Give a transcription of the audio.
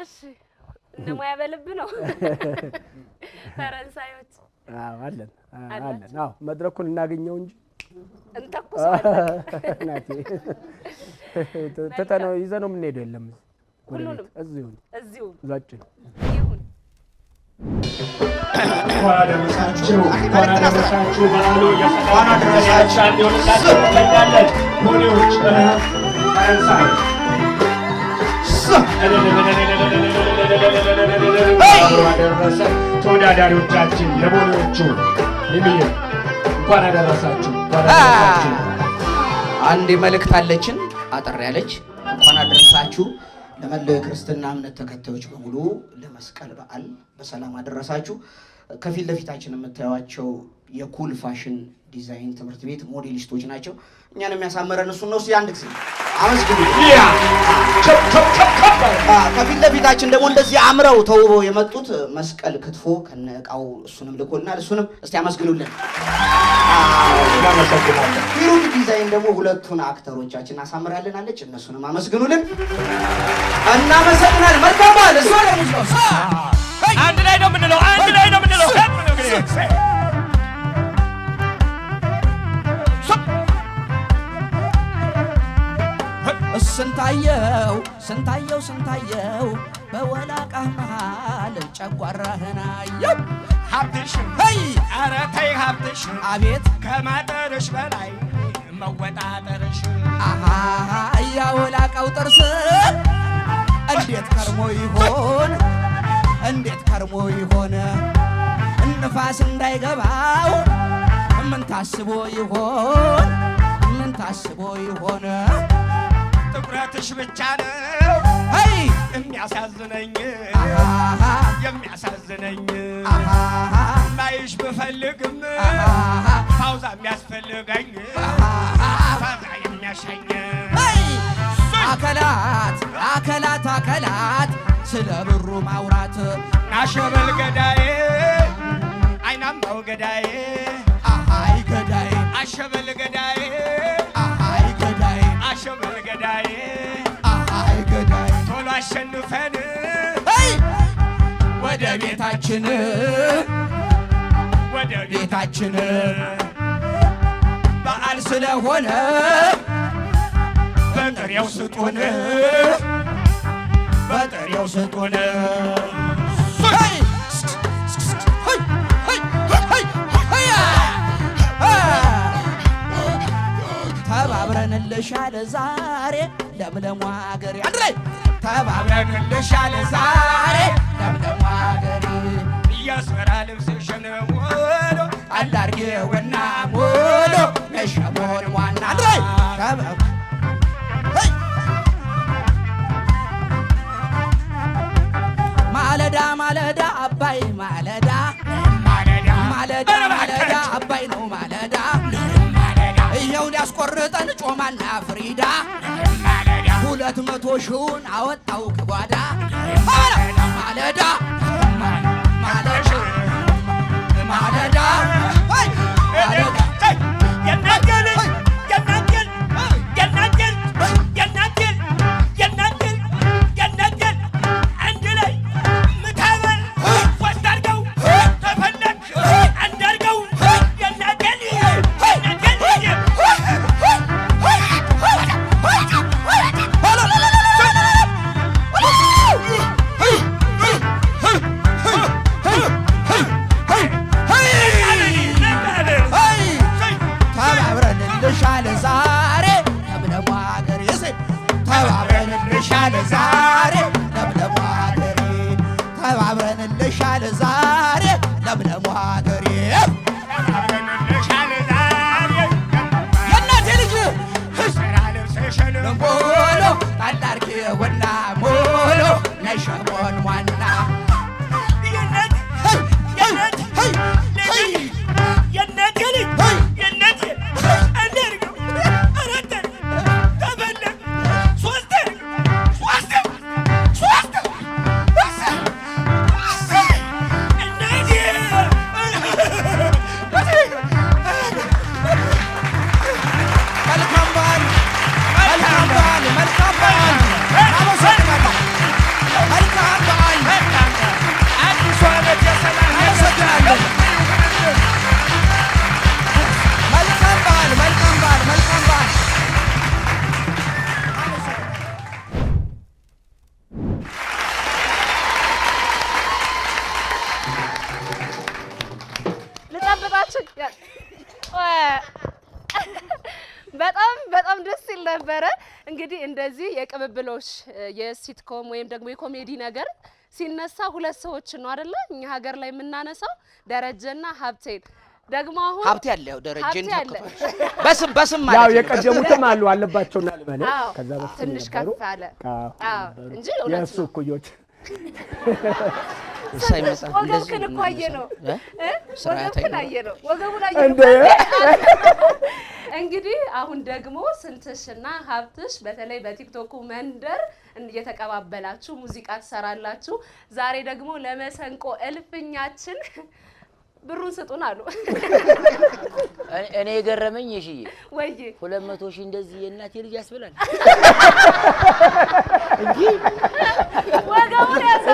እሺ ነው ፈረንሳዮች አለን አለን። አዎ መድረኩን እናገኘው እንጂ እንተኩስ ናቴ የምንሄደው የለም። ሁሉንም እዚሁ እዚሁ አደረሰ። ተወዳዳሪዎቻችን ለቦሌዎቹ ልልዩ እንኳን አደረሳችሁ። አንድ መልእክት አለችን፣ አጠር ያለች እንኳን አደረሳችሁ። ለመላው የክርስትና እምነት ተከታዮች በሙሉ ለመስቀል በዓል በሰላም አደረሳችሁ። ከፊት ለፊታችን የምታዩቸው የኩል ፋሽን ዲዛይን ትምህርት ቤት ሞዴሊስቶች ናቸው። እኛን የሚያሳመረን እሱ ነው። አንድ ጊዜ አመስግኑ። ከፊት ለፊታችን ደግሞ እንደዚህ አምረው ተውበው የመጡት መስቀል ክትፎ ከነ ዕቃው እሱንም ልኮልናል። እሱንም እስቲ አመስግኑልን። ሂሩት ዲዛይን ደግሞ ሁለቱን አክተሮቻችን አሳምራልን አለች። እነሱንም አመስግኑልን። እናመሰግናል። መልካም በዓል። አንድ ላይ ነው የምንለው፣ አንድ ላይ ነው የምንለው ስንታየው ስንታየው ስንታየው በወላቃህ መሃል ጨጓራህን አየው ሀብትሽ ይ ኧረ ተይ ሀብትሽ አቤት ከማጠርሽ በላይ መወጣጠርሽ ያወላቃው ጥርስ እንዴት ከርሞ ይሆን እንዴት ከርሞ ይሆን ንፋስ እንዳይገባው ምን ታስቦ ይሆን ምን ታስቦ ይሆን ትኩረትሽ ብቻ ነው የሚያሳዝነኝ የሚያሳዝነኝ ማይሽ ብፈልግም ፓውዛ የሚያስፈልገኝ ፋዛ የሚያሻኝ አከላት አከላት አከላት ስለ ብሩ ማውራት ናሸበል ገዳዬ አይናማው ገዳዬ አሸንፈን ወደ ቤታችን ወደ ቤታችን በዓል ስለሆነ በጥሬው ስጡን በጥሬው ስጡን ተባብረንልሻል ዛሬ ለምለሟ አገሬ አንድ ተባብረን እንሻለ ዛሬ ለምለም ሀገር እያስፈራ ልብስሽን ሙሉ አላርጌውና ሙሉ ነሸሞን ዋና ማለዳ ማለዳ አባይ ማለዳ ማለዳ ማለዳ አባይ ነው ማለዳ ይኸው ሊያስቆርጠን ጮማና ፍሪዳ ሁለት መቶ ሺውን አወጣው ከጓዳ ማለዳ ዛሬ ተብለቋ ሀገር ተባ ያስደነግጣችሁ። በጣም በጣም ደስ ይል ነበረ። እንግዲህ እንደዚህ የቅብብሎች የሲትኮም ወይም ደግሞ የኮሜዲ ነገር ሲነሳ ሁለት ሰዎች ነው አይደለ? እኛ ሀገር ላይ የምናነሳው ደረጀና ሀብቴን ደግሞ አሁን ሀብቴ አለ ያው ደረጀን በስም በስም ማለት ነው። የቀደሙትም አሉ አለባቸውና ልበል ከዛ በፊት ትንሽ ከፍ አለ እንጂ የእሱ እኩዮች እንግዲህ አሁን ደግሞ ስንትሽና ሀብትሽ በተለይ በቲክቶኩ መንደር እየተቀባበላችሁ ሙዚቃ ትሰራላችሁ። ዛሬ ደግሞ ለመሰንቆ እልፍኛችን ብሩን ስጡን አሉ። እኔ የገረመኝ የሽዬ ወይ ሁለት መቶ ሺህ እንደዚህ የእናቴ ልጅ ያስብላል እንጂ ወገቡን ያዘ